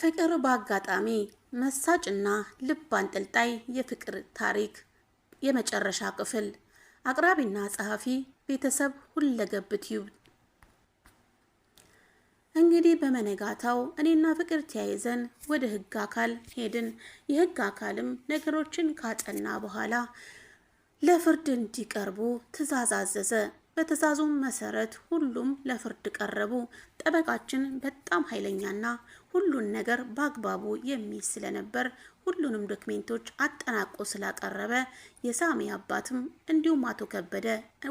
ፍቅር በአጋጣሚ መሳጭና ልብ አንጠልጣይ የፍቅር ታሪክ የመጨረሻ ክፍል አቅራቢና ጸሐፊ ቤተሰብ ሁለገብ ቲዩብ። እንግዲህ በመነጋታው እኔና ፍቅር ተያይዘን ወደ ህግ አካል ሄድን። የህግ አካልም ነገሮችን ካጠና በኋላ ለፍርድ እንዲቀርቡ ትዕዛዝ አዘዘ። በትዕዛዙም መሰረት ሁሉም ለፍርድ ቀረቡ። ጠበቃችን በጣም ኃይለኛና ሁሉን ነገር በአግባቡ የሚይዝ ስለነበር ሁሉንም ዶክሜንቶች አጠናቆ ስላቀረበ የሳሚ አባትም እንዲሁም አቶ ከበደ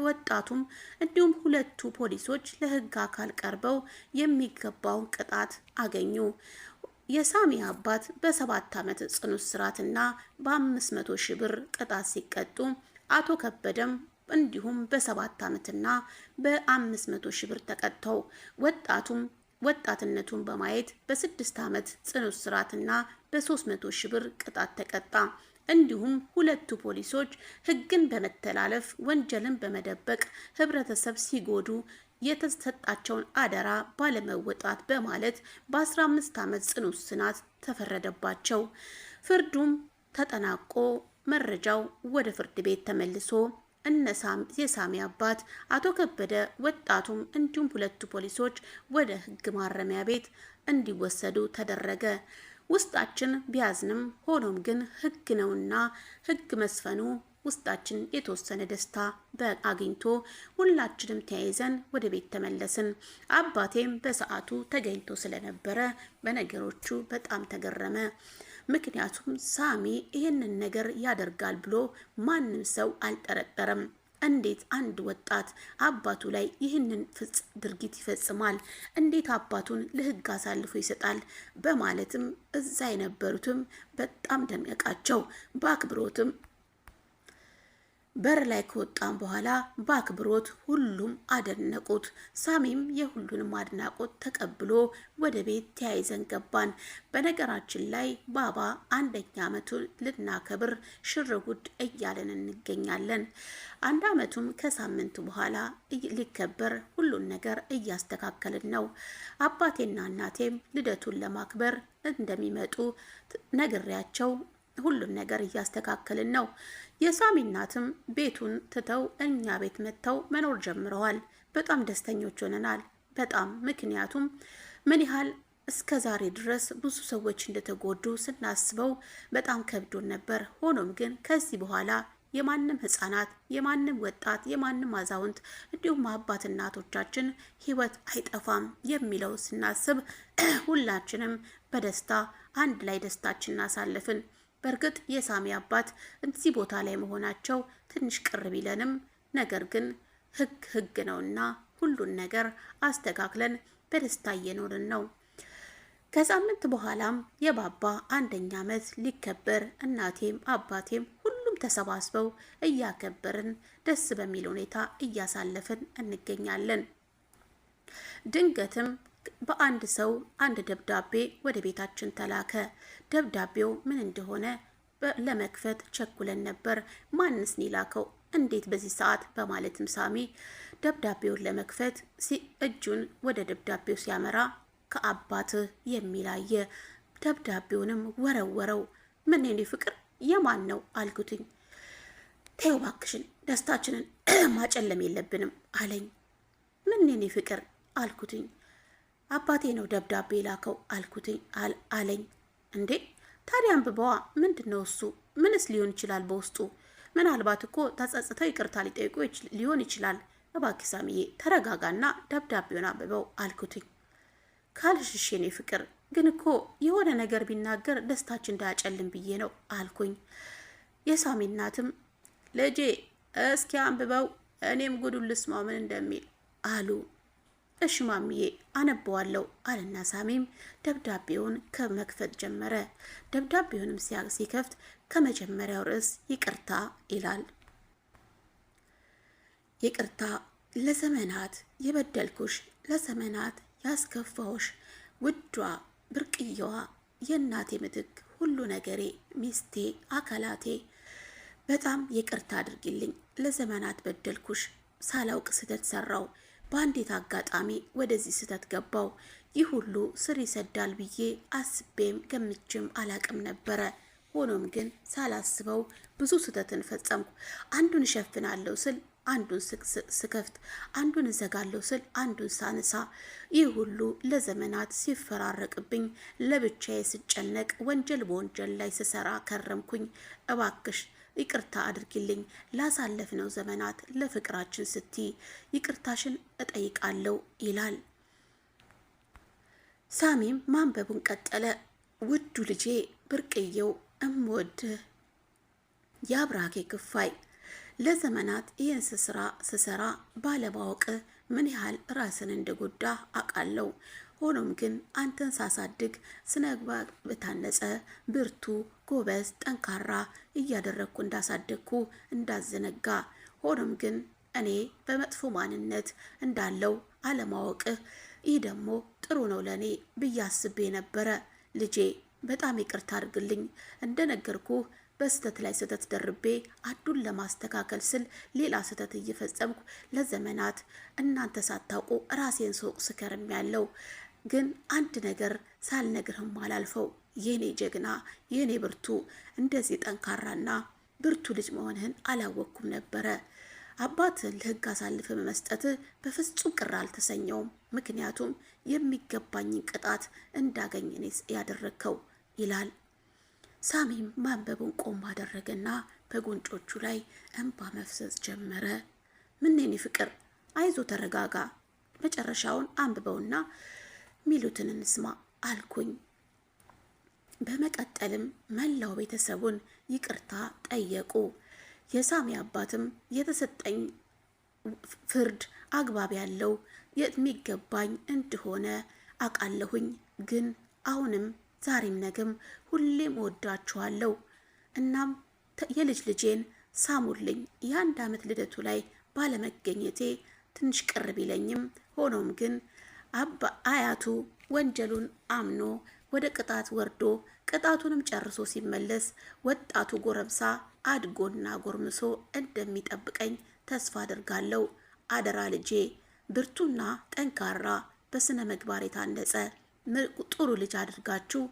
ወጣቱም እንዲሁም ሁለቱ ፖሊሶች ለሕግ አካል ቀርበው የሚገባውን ቅጣት አገኙ። የሳሚ አባት በሰባት ዓመት ጽኑ እስራትና በአምስት መቶ ሺህ ብር ቅጣት ሲቀጡ አቶ ከበደም እንዲሁም በሰባት ዓመትና በአምስት መቶ ሺህ ብር ተቀጥተው ወጣቱም ወጣትነቱን በማየት በስድስት ዓመት ጽኑ እስራትና በሶስት መቶ ሺህ ብር ቅጣት ተቀጣ። እንዲሁም ሁለቱ ፖሊሶች ሕግን በመተላለፍ ወንጀልን በመደበቅ ህብረተሰብ ሲጎዱ የተሰጣቸውን አደራ ባለመወጣት በማለት በ15 ዓመት ጽኑ እስራት ተፈረደባቸው። ፍርዱም ተጠናቆ መረጃው ወደ ፍርድ ቤት ተመልሶ እነሳም የሳሚ አባት አቶ ከበደ ወጣቱም እንዲሁም ሁለቱ ፖሊሶች ወደ ህግ ማረሚያ ቤት እንዲወሰዱ ተደረገ። ውስጣችን ቢያዝንም ሆኖም ግን ህግ ነውና ህግ መስፈኑ ውስጣችን የተወሰነ ደስታ በአግኝቶ ሁላችንም ተያይዘን ወደ ቤት ተመለስን። አባቴም በሰዓቱ ተገኝቶ ስለነበረ በነገሮቹ በጣም ተገረመ። ምክንያቱም ሳሚ ይህንን ነገር ያደርጋል ብሎ ማንም ሰው አልጠረጠረም። እንዴት አንድ ወጣት አባቱ ላይ ይህንን ፍጽ ድርጊት ይፈጽማል? እንዴት አባቱን ለሕግ አሳልፎ ይሰጣል? በማለትም እዛ የነበሩትም በጣም ደነቃቸው። በአክብሮትም በር ላይ ከወጣም በኋላ በአክብሮት ሁሉም አደነቁት። ሳሚም የሁሉንም አድናቆት ተቀብሎ ወደ ቤት ተያይዘን ገባን። በነገራችን ላይ ባባ አንደኛ ዓመቱን ልናከብር ሽርጉድ እያለን እንገኛለን። አንድ ዓመቱም ከሳምንት በኋላ ሊከበር ሁሉን ነገር እያስተካከልን ነው። አባቴና እናቴም ልደቱን ለማክበር እንደሚመጡ ነግሬያቸው ሁሉን ነገር እያስተካከልን ነው። የሳሚ እናትም ቤቱን ትተው እኛ ቤት መጥተው መኖር ጀምረዋል። በጣም ደስተኞች ሆነናል። በጣም ምክንያቱም ምን ያህል እስከ ዛሬ ድረስ ብዙ ሰዎች እንደተጎዱ ስናስበው በጣም ከብዶን ነበር። ሆኖም ግን ከዚህ በኋላ የማንም ህጻናት፣ የማንም ወጣት፣ የማንም አዛውንት እንዲሁም አባት እናቶቻችን ህይወት አይጠፋም የሚለው ስናስብ ሁላችንም በደስታ አንድ ላይ ደስታችን እናሳለፍን። በእርግጥ የሳሚ አባት እዚህ ቦታ ላይ መሆናቸው ትንሽ ቅር ቢለንም ነገር ግን ህግ ህግ ነውና ሁሉን ነገር አስተካክለን በደስታ እየኖርን ነው። ከሳምንት በኋላም የባባ አንደኛ ዓመት ሊከበር እናቴም አባቴም ሁሉም ተሰባስበው እያከበርን ደስ በሚል ሁኔታ እያሳለፍን እንገኛለን። ድንገትም በአንድ ሰው አንድ ደብዳቤ ወደ ቤታችን ተላከ። ደብዳቤው ምን እንደሆነ ለመክፈት ቸኩለን ነበር። ማንስ ላከው? እንዴት በዚህ ሰዓት? በማለትም ሳሚ ደብዳቤውን ለመክፈት እጁን ወደ ደብዳቤው ሲያመራ ከአባትህ የሚላየ ደብዳቤውንም ወረወረው። ምን ኔ ፍቅር የማን ነው አልኩትኝ። ተው እባክሽን ደስታችንን ማጨለም የለብንም አለኝ። ምን ኔ ፍቅር አልኩትኝ። አባቴ ነው ደብዳቤ ላከው አልኩትኝ አለኝ። እንዴ ታዲያ አንብበዋ። ምንድን ነው እሱ? ምንስ ሊሆን ይችላል በውስጡ? ምናልባት እኮ ተጸጽተው ይቅርታ ሊጠይቁ ሊሆን ይችላል። እባክህ ሳሚዬ ተረጋጋና ደብዳቤውን አንብበው አልኩትኝ። ካልሽሽ የኔ ፍቅር ግን እኮ የሆነ ነገር ቢናገር ደስታችን እንዳያጨልም ብዬ ነው አልኩኝ። የሳሚ እናትም ልጄ እስኪ አንብበው እኔም ጉዱን ልስማው ምን እንደሚል አሉ። እሺ ማሚዬ አነበዋለሁ አለና ሳሚም ደብዳቤውን ከመክፈት ጀመረ። ደብዳቤውንም ሲከፍት ከመጀመሪያው ርዕስ ይቅርታ ይላል። ይቅርታ ለዘመናት የበደልኩሽ፣ ለዘመናት ያስከፋውሽ ውዷ ብርቅየዋ፣ የእናቴ ምትክ፣ ሁሉ ነገሬ፣ ሚስቴ፣ አካላቴ በጣም ይቅርታ አድርጊልኝ። ለዘመናት በደልኩሽ፣ ሳላውቅ ስህተት ሰራው በአንዲት አጋጣሚ ወደዚህ ስህተት ገባው። ይህ ሁሉ ስር ይሰዳል ብዬ አስቤም ገምቼም አላቅም ነበረ። ሆኖም ግን ሳላስበው ብዙ ስህተትን ፈጸምኩ። አንዱን እሸፍናለሁ ስል አንዱን ስከፍት፣ አንዱን እዘጋለሁ ስል አንዱን ሳነሳ፣ ይህ ሁሉ ለዘመናት ሲፈራረቅብኝ፣ ለብቻዬ ስጨነቅ፣ ወንጀል በወንጀል ላይ ስሰራ ከረምኩኝ። እባክሽ ይቅርታ አድርጊልኝ ላሳለፍነው ዘመናት ለፍቅራችን ስቲ ይቅርታሽን እጠይቃለሁ ይላል። ሳሚም ማንበቡን ቀጠለ። ውዱ ልጄ ብርቅየው እምወድህ የአብራኬ ክፋይ ለዘመናት ይህን ስስራ ስሰራ ባለማወቅ ምን ያህል ራስን እንደጎዳ አውቃለሁ። ሆኖም ግን አንተን ሳሳድግ ስነ በታነጸ ብርቱ፣ ጎበዝ፣ ጠንካራ እያደረግኩ እንዳሳደግኩ እንዳዘነጋ። ሆኖም ግን እኔ በመጥፎ ማንነት እንዳለው አለማወቅህ ይህ ደግሞ ጥሩ ነው ለእኔ ብዬ አስቤ ነበረ። ልጄ በጣም ይቅርታ አድርግልኝ። እንደነገርኩህ በስህተት ላይ ስህተት ደርቤ አዱን ለማስተካከል ስል ሌላ ስህተት እየፈጸምኩ ለዘመናት እናንተ ሳታውቁ ራሴን ሶቅ ስከርም ያለው ግን አንድ ነገር ሳልነግርህም አላልፈው። የኔ ጀግና፣ የኔ ብርቱ፣ እንደዚህ ጠንካራና ብርቱ ልጅ መሆንህን አላወቅኩም ነበረ። አባትህን ለህግ አሳልፈ በመስጠትህ በፍጹም ቅር አልተሰኘውም። ምክንያቱም የሚገባኝን ቅጣት እንዳገኝ ያደረግከው ይላል። ሳሚም ማንበቡን ቆም አደረገና በጉንጮቹ ላይ እንባ መፍሰስ ጀመረ። ምኔኔ ፍቅር አይዞ ተረጋጋ። መጨረሻውን አንብበውና ሚሉትን እንስማ አልኩኝ። በመቀጠልም መላው ቤተሰቡን ይቅርታ ጠየቁ። የሳሚ አባትም የተሰጠኝ ፍርድ አግባብ ያለው የሚገባኝ እንደሆነ አውቃለሁኝ፣ ግን አሁንም ዛሬም ነገም ሁሌም ወዳችኋለሁ። እናም የልጅ ልጄን ሳሙልኝ። የአንድ ዓመት ልደቱ ላይ ባለመገኘቴ ትንሽ ቅር ቢለኝም ሆኖም ግን አባ አያቱ ወንጀሉን አምኖ ወደ ቅጣት ወርዶ ቅጣቱንም ጨርሶ ሲመለስ ወጣቱ ጎረምሳ አድጎና ጎርምሶ እንደሚጠብቀኝ ተስፋ አድርጋለሁ። አደራ ልጄ፣ ብርቱና ጠንካራ በስነ ምግባር የታነጸ ጥሩ ልጅ አድርጋችሁ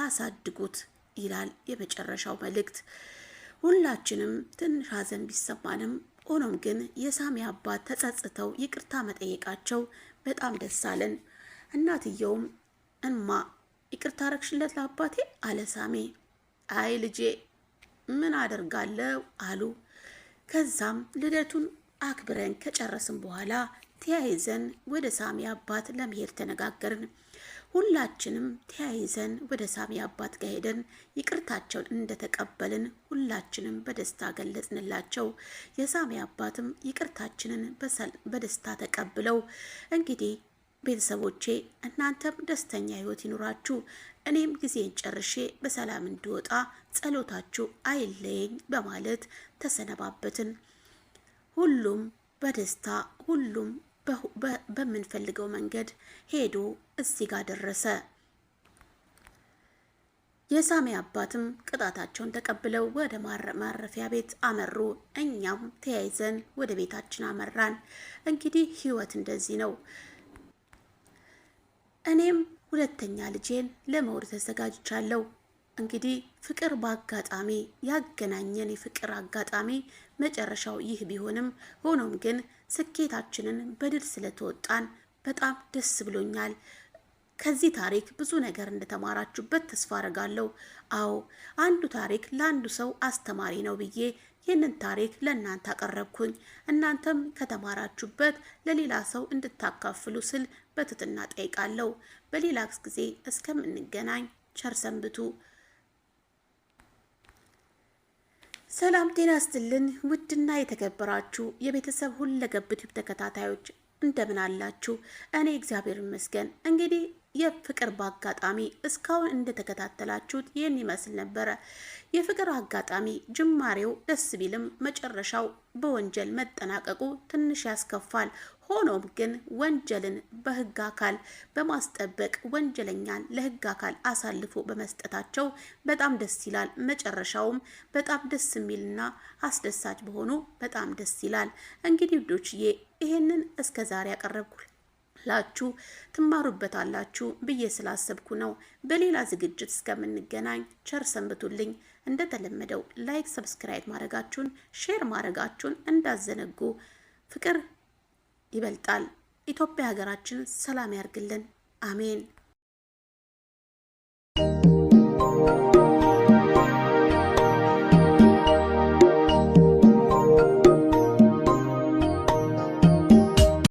አሳድጉት ይላል የመጨረሻው መልእክት። ሁላችንም ትንሽ ሀዘን ቢሰማንም ሆኖም ግን የሳሚ አባት ተጸጽተው ይቅርታ መጠየቃቸው በጣም ደስ አለን። እናትየውም እማ ይቅርታ አረግሽለት ለአባቴ አለ ሳሜ። አይ ልጄ ምን አደርጋለሁ አሉ። ከዛም ልደቱን አክብረን ከጨረስን በኋላ ተያይዘን ወደ ሳሜ አባት ለመሄድ ተነጋገርን። ሁላችንም ተያይዘን ወደ ሳሚ አባት ጋር ሄደን ይቅርታቸውን እንደተቀበልን ሁላችንም በደስታ ገለጽንላቸው። የሳሚ አባትም ይቅርታችንን በደስታ ተቀብለው እንግዲህ ቤተሰቦቼ እናንተም ደስተኛ ህይወት ይኑራችሁ፣ እኔም ጊዜን ጨርሼ በሰላም እንድወጣ ጸሎታችሁ አይለየኝ በማለት ተሰነባበትን። ሁሉም በደስታ ሁሉም በምንፈልገው መንገድ ሄዶ እዚህ ጋር ደረሰ። የሳሜ አባትም ቅጣታቸውን ተቀብለው ወደ ማረፊያ ቤት አመሩ። እኛም ተያይዘን ወደ ቤታችን አመራን። እንግዲህ ህይወት እንደዚህ ነው። እኔም ሁለተኛ ልጄን ለመውለድ ተዘጋጅቻለሁ። እንግዲህ ፍቅር በአጋጣሚ ያገናኘን የፍቅር አጋጣሚ መጨረሻው ይህ ቢሆንም ሆኖም ግን ስኬታችንን በድል ስለተወጣን በጣም ደስ ብሎኛል። ከዚህ ታሪክ ብዙ ነገር እንደተማራችሁበት ተስፋ አርጋለሁ አዎ አንዱ ታሪክ ለአንዱ ሰው አስተማሪ ነው ብዬ ይህንን ታሪክ ለእናንተ አቀረብኩኝ። እናንተም ከተማራችሁበት ለሌላ ሰው እንድታካፍሉ ስል በትትና ጠይቃለሁ። በሌላ ጊዜ እስከምንገናኝ ቸር ሰንብቱ። ሰላም ጤና ስትልን ውድና የተከበራችሁ የቤተሰብ ሁለገብ ዩቲዩብ ተከታታዮች እንደምን አላችሁ? እኔ እግዚአብሔር ይመስገን። እንግዲህ የፍቅር በአጋጣሚ እስካሁን እንደተከታተላችሁት ይህን ይመስል ነበረ። የፍቅር አጋጣሚ ጅማሬው ደስ ቢልም መጨረሻው በወንጀል መጠናቀቁ ትንሽ ያስከፋል። ሆኖም ግን ወንጀልን በህግ አካል በማስጠበቅ ወንጀለኛን ለህግ አካል አሳልፎ በመስጠታቸው በጣም ደስ ይላል። መጨረሻውም በጣም ደስ የሚልና አስደሳች በሆኑ በጣም ደስ ይላል። እንግዲህ ውዶችዬ ይሄንን እስከ ዛሬ ያቀረብኩላችሁ ትማሩበታላችሁ ብዬ ስላሰብኩ ነው። በሌላ ዝግጅት እስከምንገናኝ ቸር ሰንብቱልኝ። እንደተለመደው ላይክ፣ ሰብስክራይብ ማድረጋችሁን ሼር ማድረጋችሁን እንዳዘነጉ ፍቅር ይበልጣል። ኢትዮጵያ ሀገራችን ሰላም ያርግልን። አሜን።